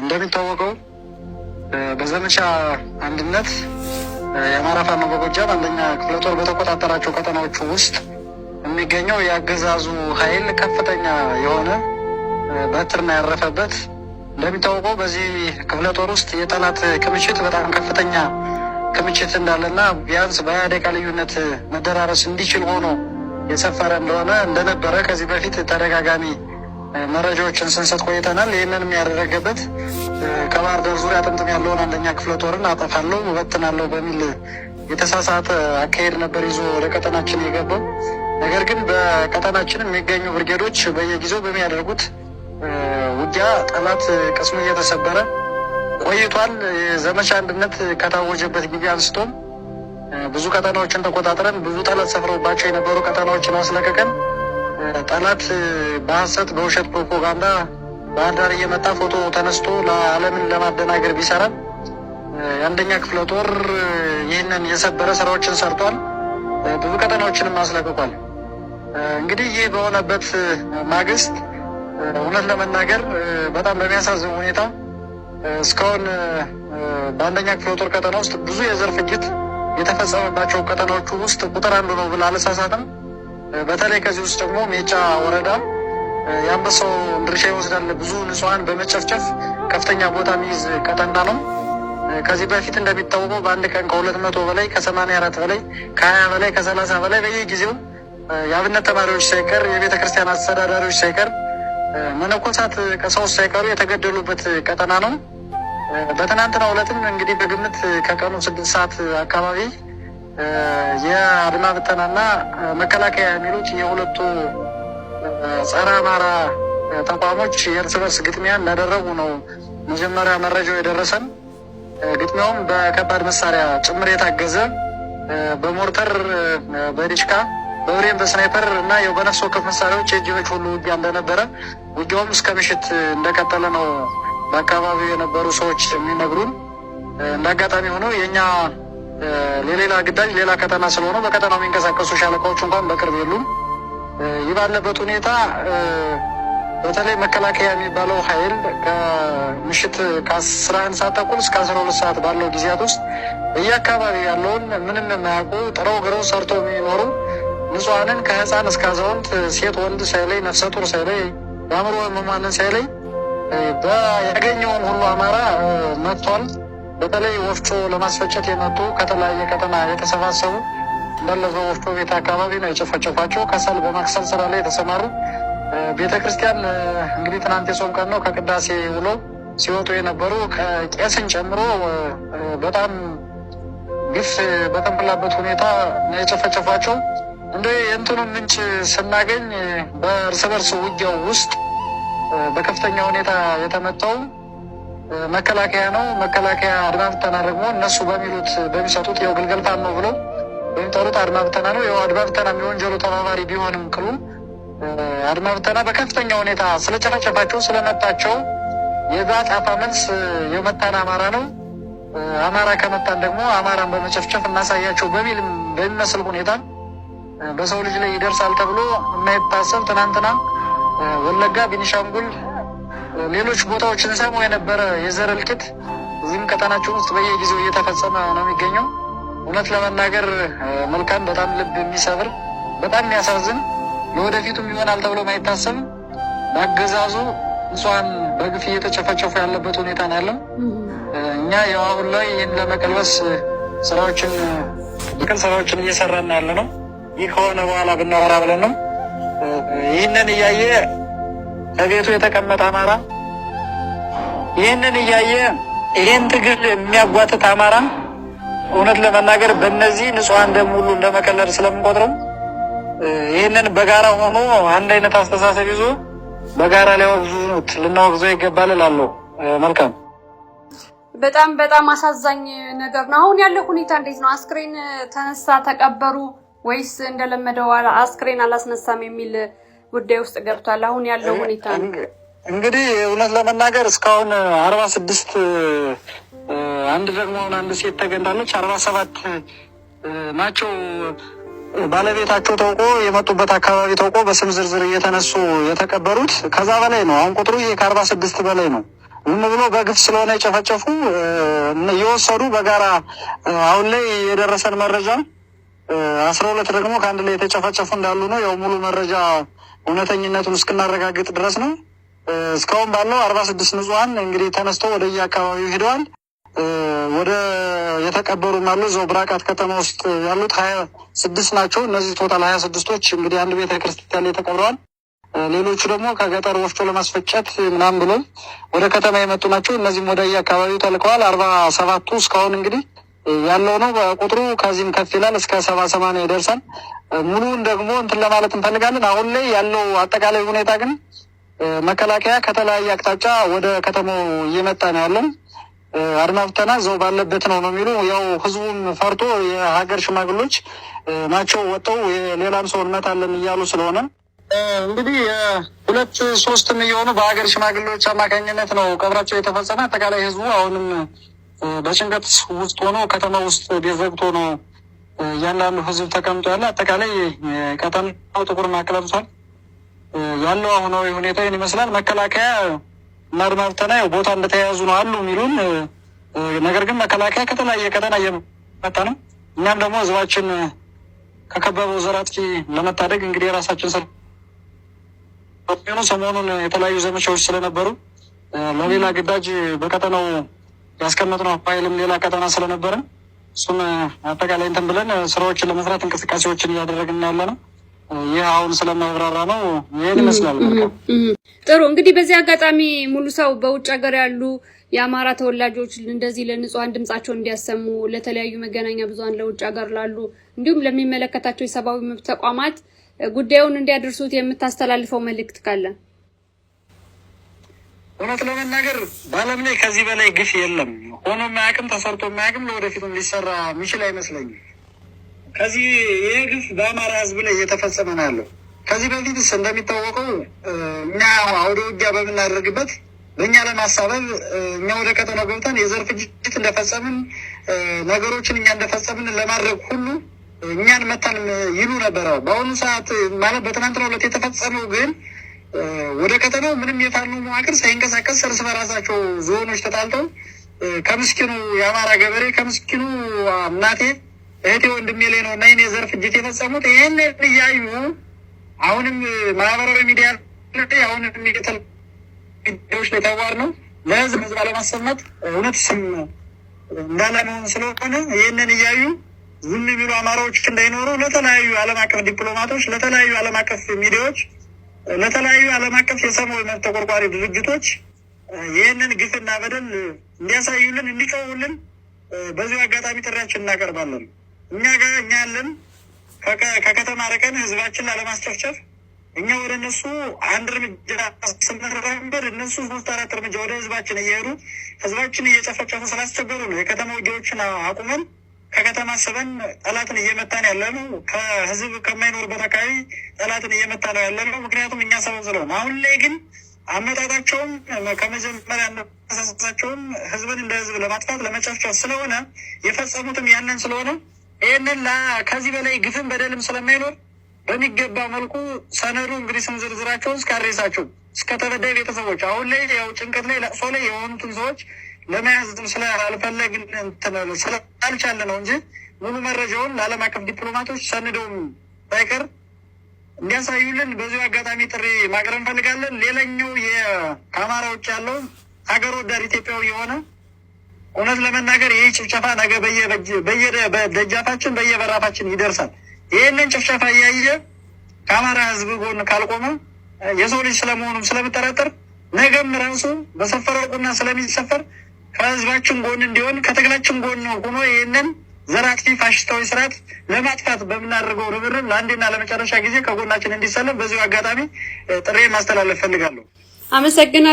እንደሚታወቀው በዘመቻ አንድነት የአማራ ፋኖ በጎጃም አንደኛ ክፍለ ጦር በተቆጣጠራቸው ቀጠናዎቹ ውስጥ የሚገኘው የአገዛዙ ኃይል ከፍተኛ የሆነ በትርና ያረፈበት እንደሚታወቀው በዚህ ክፍለ ጦር ውስጥ የጠላት ክምችት በጣም ከፍተኛ ክምችት እንዳለና ቢያንስ በሀያ ልዩነት መደራረስ እንዲችል ሆኖ የሰፈረ እንደሆነ እንደነበረ ከዚህ በፊት ተደጋጋሚ መረጃዎችን ስንሰጥ ቆይተናል። ይህንንም የሚያደረገበት ከባህር ዳር ዙሪያ ጥምጥም ያለውን አንደኛ ክፍለ ጦርን አጠፋለሁ፣ እበትናለሁ በሚል የተሳሳተ አካሄድ ነበር ይዞ ወደ ቀጠናችን የገባው። ነገር ግን በቀጠናችን የሚገኙ ብርጌዶች በየጊዜው በሚያደርጉት ውጊያ ጠላት ቅስሙ እየተሰበረ ቆይቷል። ዘመቻ አንድነት ከታወጀበት ጊዜ አንስቶም ብዙ ቀጠናዎችን ተቆጣጥረን ብዙ ጠላት ሰፍረውባቸው የነበሩ ቀጠናዎችን አስለቀቀን። ጠላት በሀሰት በውሸት ፕሮፓጋንዳ ባህር ዳር እየመጣ ፎቶ ተነስቶ ለዓለምን ለማደናገር ቢሰራም የአንደኛ ክፍለ ጦር ይህንን የሰበረ ስራዎችን ሰርቷል። ብዙ ቀጠናዎችንም አስለቅቋል። እንግዲህ ይህ በሆነበት ማግስት እውነት ለመናገር በጣም በሚያሳዝን ሁኔታ እስካሁን በአንደኛ ክፍለ ጦር ቀጠና ውስጥ ብዙ የዘር ፍጅት የተፈጸመባቸው ቀጠናዎቹ ውስጥ ቁጥር አንዱ ነው ብላ አለሳሳትም። በተለይ ከዚህ ውስጥ ደግሞ ሜጫ ወረዳ የአንበሳው ድርሻ ይወስዳል። ብዙ ንጹሐን በመጨፍጨፍ ከፍተኛ ቦታ የሚይዝ ቀጠና ነው። ከዚህ በፊት እንደሚታወቀው በአንድ ቀን ከሁለት መቶ በላይ ከሰማንያ አራት በላይ ከሀያ በላይ ከሰላሳ በላይ በየጊዜው የአብነት ተማሪዎች ሳይቀር የቤተ ክርስቲያን አስተዳዳሪዎች ሳይቀር መነኮሳት ከሰዎች ሳይቀሩ የተገደሉበት ቀጠና ነው። በትናንትናው ዕለትም እንግዲህ በግምት ከቀኑ ስድስት ሰዓት አካባቢ የአድማ ብተናና መከላከያ የሚሉት የሁለቱ ጸረ አማራ ተቋሞች የእርስ በርስ ግጥሚያ እንዳደረጉ ነው መጀመሪያ መረጃው የደረሰን። ግጥሚያውም በከባድ መሳሪያ ጭምር የታገዘ በሞርተር፣ በዲሽካ፣ በብሬን፣ በስናይፐር እና በነፍስ ወከፍ መሳሪያዎች የእጅ ሁሉ ውጊያ እንደነበረ ውጊያውም እስከ ምሽት እንደቀጠለ ነው በአካባቢው የነበሩ ሰዎች የሚነግሩን። እንዳጋጣሚ ሆኖ የእኛ ለሌላ ግዳጅ ሌላ ቀጠና ስለሆነ በቀጠናው የሚንቀሳቀሱ ሻለቃዎች እንኳን በቅርብ የሉም። ይህ ባለበት ሁኔታ በተለይ መከላከያ የሚባለው ኃይል ከምሽት ከአስራ አንድ ሰዓት ተኩል እስከ አስራ ሁለት ሰዓት ባለው ጊዜያት ውስጥ በየአካባቢ ያለውን ምንም የማያውቁ ጥረው ግረው ሰርቶ የሚኖሩ ንጹሐንን ከህፃን እስከ አዛውንት ሴት ወንድ ሳይለይ ነፍሰ ጡር ሳይለይ የአእምሮ ህሙማንን ሳይለይ ያገኘውን ሁሉ አማራ መጥቷል። በተለይ ወፍጮ ለማስፈጨት የመጡ ከተለያየ ከተማ የተሰባሰቡ በለዞ ወፍጮ ቤት አካባቢ ነው የጨፈጨፏቸው። ከሰል በመክሰል ስራ ላይ የተሰማሩ ቤተ ክርስቲያን እንግዲህ ትናንት የጾም ቀን ነው። ከቅዳሴ ውሎ ሲወጡ የነበሩ ከቄስን ጨምሮ በጣም ግፍ በተሞላበት ሁኔታ ነው የጨፈጨፏቸው። እንደ የእንትኑን ምንጭ ስናገኝ በእርስ በርስ ውጊያው ውስጥ በከፍተኛ ሁኔታ የተመጣውም መከላከያ ነው። መከላከያ አድማ ብተና ደግሞ እነሱ በሚሉት በሚሰጡት የው ግልገል ፋኖ ብሎ የሚጠሩት አድማ ብተና ነው። የው አድማ ብተና የወንጀሉ ተባባሪ ቢሆንም ክሉ አድማ ብተና በከፍተኛ ሁኔታ ስለጨፈጨፋቸው ስለመጣቸው የዛ ጫፋ መልስ የመታን አማራ ነው። አማራ ከመጣን ደግሞ አማራን በመጨፍጨፍ እናሳያቸው በሚል በሚመስል ሁኔታ በሰው ልጅ ላይ ይደርሳል ተብሎ የማይታሰብ ትናንትና ወለጋ ቤኒሻንጉል ሌሎች ቦታዎች እንሰማው የነበረ የዘር እልቂት እዚህም ቀጠናችን ውስጥ በየጊዜው እየተፈጸመ ነው የሚገኘው። እውነት ለመናገር መልካም፣ በጣም ልብ የሚሰብር በጣም የሚያሳዝን ለወደፊቱም ይሆናል ተብሎ ማይታሰብ በአገዛዙ ንጹሐን በግፍ እየተጨፈጨፉ ያለበት ሁኔታ ነው ያለም። እኛ ያው አሁን ላይ ይህን ለመቀልበስ ስራዎችን ቅል ስራዎችን እየሰራን ያለ ነው። ይህ ከሆነ በኋላ ብናወራ ብለን ነው ይህንን እያየ ከቤቱ የተቀመጠ አማራ ይህንን እያየ ይህን ትግል የሚያጓትት አማራ እውነት ለመናገር በእነዚህ ንጹሐን ደም ሁሉ እንደመቀለድ ስለምንቆጥረው ይህንን በጋራ ሆኖ አንድ አይነት አስተሳሰብ ይዞ በጋራ ሊያወግዙት ልናወግዘው ይገባል እላለሁ። መልካም በጣም በጣም አሳዛኝ ነገር ነው። አሁን ያለው ሁኔታ እንዴት ነው? አስክሬን ተነሳ ተቀበሩ ወይስ እንደለመደው አስክሬን አላስነሳም የሚል ጉዳይ ውስጥ ገብቷል። አሁን ያለው ሁኔታ እንግዲህ እውነት ለመናገር እስካሁን አርባ ስድስት አንድ ደግሞ አሁን አንድ ሴት ተገንዳለች። አርባ ሰባት ናቸው ባለቤታቸው ታውቆ የመጡበት አካባቢ ተውቆ በስም ዝርዝር እየተነሱ የተቀበሩት ከዛ በላይ ነው። አሁን ቁጥሩ ይሄ ከአርባ ስድስት በላይ ነው። ዝም ብሎ በግፍ ስለሆነ የጨፈጨፉ እየወሰዱ በጋራ አሁን ላይ የደረሰን መረጃ አስራ ሁለት ደግሞ ከአንድ ላይ የተጨፈጨፉ እንዳሉ ነው። ያው ሙሉ መረጃ እውነተኝነቱን እስክናረጋግጥ ድረስ ነው። እስካሁን ባለው አርባ ስድስት ንጹሀን እንግዲህ ተነስቶ ወደ የአካባቢው ሄደዋል። ወደ የተቀበሩም አሉ። እዛው ብራቃት ከተማ ውስጥ ያሉት ሀያ ስድስት ናቸው። እነዚህ ቶታል ሀያ ስድስቶች እንግዲህ አንድ ቤተ ክርስቲያን ላይ ተቀብረዋል። ሌሎቹ ደግሞ ከገጠር ወፍጮ ለማስፈጨት ምናምን ብሎም ወደ ከተማ የመጡ ናቸው። እነዚህም ወደ የአካባቢው ተልከዋል። አርባ ሰባቱ እስካሁን እንግዲህ ያለው ነው። ቁጥሩ ከዚህም ከፍ ይላል እስከ ሰባ ሰማንያ ይደርሳል። ሙሉውን ደግሞ እንትን ለማለት እንፈልጋለን። አሁን ላይ ያለው አጠቃላይ ሁኔታ ግን መከላከያ ከተለያየ አቅጣጫ ወደ ከተማው እየመጣ ነው ያለን። አድማ ዘው ባለበት ነው ነው የሚሉ ያው ህዝቡም ፈርቶ የሀገር ሽማግሎች ናቸው ወጥተው የሌላም ሰው እንመታለን እያሉ ስለሆነ እንግዲህ ሁለት ሶስትም እየሆኑ በሀገር ሽማግሌዎች አማካኝነት ነው ቀብራቸው የተፈጸመ። አጠቃላይ ህዝቡ አሁንም በጭንቀት ውስጥ ሆኖ ከተማ ውስጥ ቤት ዘግቶ ነው እያንዳንዱ ህዝብ ተቀምጦ ያለ። አጠቃላይ ቀጠናው ጥቁር ማቅለብቷል ያለው አሁናዊ ሁኔታ ይህን ይመስላል። መከላከያ ማድማ ብተና ቦታ እንደተያያዙ ነው አሉ የሚሉን ነገር ግን መከላከያ ከተለያየ ቀጠና እየመጣ ነው። እኛም ደግሞ ህዝባችን ከከበበው ዘር አጥቂ ለመታደግ እንግዲህ የራሳችን ሰ ሰሞኑን የተለያዩ ዘመቻዎች ስለነበሩ ለሌላ ግዳጅ በቀጠናው ያስቀመጥነው ፋይልም ሌላ ቀጠና ስለነበረ እሱን አጠቃላይ እንትን ብለን ስራዎችን ለመስራት እንቅስቃሴዎችን እያደረግን ያለ ነው። ይህ አሁን ስለማብራራ ነው። ይህን ይመስላል። ጥሩ እንግዲህ በዚህ አጋጣሚ ሙሉ ሰው በውጭ ሀገር ያሉ የአማራ ተወላጆች እንደዚህ ለንጹሐን ድምጻቸውን እንዲያሰሙ ለተለያዩ መገናኛ ብዙን ለውጭ ሀገር ላሉ እንዲሁም ለሚመለከታቸው የሰብአዊ መብት ተቋማት ጉዳዩን እንዲያደርሱት የምታስተላልፈው መልእክት ካለ እውነት ለመናገር በዓለም ላይ ከዚህ በላይ ግፍ የለም። ሆኖ ማያቅም ተሰርቶ ማያቅም ለወደፊቱም ሊሰራ የሚችል አይመስለኝም። ከዚህ ይሄ ግፍ በአማራ ሕዝብ ላይ እየተፈጸመ ነው ያለው። ከዚህ በፊትስ እንደሚታወቀው እኛ አውደ ውጊያ በምናደርግበት በእኛ ለማሳበብ እኛ ወደ ከተማ ገብተን የዘር ፍጅት እንደፈጸምን ነገሮችን እኛ እንደፈጸምን ለማድረግ ሁሉ እኛን መታን ይሉ ነበረ። በአሁኑ ሰዓት ማለት በትናንትና ሁለት የተፈጸመው ግን ወደ ከተማው ምንም የፋኖ መዋቅር ሳይንቀሳቀስ እርስ በራሳቸው ዞኖች ተጣልተው ከምስኪኑ የአማራ ገበሬ ከምስኪኑ እናቴ እህቴ ወንድሜ ላይ ነው እና ይኔ ዘርፍ እጅት የፈጸሙት ይህን እያዩ አሁንም ማህበራዊ ሚዲያ አሁን ሚዲያዎች ላይ ተዋር ነው ለህዝብ ህዝብ አለማሰማት እውነት ስም እንዳለመሆን ስለሆነ ይህንን እያዩ ዝም የሚሉ አማራዎች እንዳይኖሩ ለተለያዩ ዓለም አቀፍ ዲፕሎማቶች ለተለያዩ ዓለም አቀፍ ሚዲያዎች ለተለያዩ ዓለም አቀፍ የሰብአዊ መብት ተቆርቋሪ ድርጅቶች ይህንን ግፍና በደል እንዲያሳዩልን እንዲቀውልን በዚሁ አጋጣሚ ጥሪያችን እናቀርባለን። እኛ ጋር እኛ ያለን ከከተማ ርቀን ህዝባችን ላለማስጨፍጨፍ እኛ ወደ እነሱ አንድ እርምጃ ስንራመድ እነሱ ሶስት አራት እርምጃ ወደ ህዝባችን እየሄዱ ህዝባችን እየጨፈጨፉ ስላስቸገሩ ነው የከተማ ውጊያዎችን አቁመን ከከተማ አስበን ጠላትን እየመታ ነው ያለ ነው። ከህዝብ ከማይኖርበት አካባቢ ጠላትን እየመታ ነው ያለ ነው። ምክንያቱም እኛ ሰበብ ስለሆነ አሁን ላይ ግን አመጣጣቸውም ከመጀመሪያ ነሳሳቸውም ህዝብን እንደ ህዝብ ለማጥፋት ለመጨፍጨፍ ስለሆነ የፈጸሙትም ያንን ስለሆነ ይህንን ከዚህ በላይ ግፍን በደልም ስለማይኖር በሚገባ መልኩ ሰነዱ እንግዲህ ስም ዝርዝራቸውን እስከ አድሬሳቸው እስከ ተበዳይ ቤተሰቦች አሁን ላይ ያው ጭንቀት ላይ ለቅሶ ላይ የሆኑትን ሰዎች ለመያዝም ስላልፈለግን ስላልቻለ ነው እንጂ ሙሉ መረጃውን ለዓለም አቀፍ ዲፕሎማቶች ሰንደውም ባይቀር እንዲያሳዩልን በዚሁ አጋጣሚ ጥሪ ማቅረብ እንፈልጋለን። ሌላኛው ከአማራ ውጭ ያለው ሀገር ወዳድ ኢትዮጵያዊ የሆነ እውነት ለመናገር ይህ ጭፍጨፋ ነገ በየደጃፋችን በየበራፋችን ይደርሳል። ይህንን ጭፍጨፋ እያየ ከአማራ ሕዝብ ጎን ካልቆመ የሰው ልጅ ስለመሆኑም ስለምጠረጥር ነገም ራሱ በሰፈረው ቁና ስለሚሰፈር ከህዝባችን ጎን እንዲሆን ከትግላችን ጎን ሆኖ ይህንን ዘራጥፊ ፋሽስታዊ ስርዓት ለማጥፋት በምናደርገው ርብርብ ለአንዴና ለመጨረሻ ጊዜ ከጎናችን እንዲሰለፍ በዚሁ አጋጣሚ ጥሬ ማስተላለፍ ፈልጋለሁ። አመሰግናለሁ።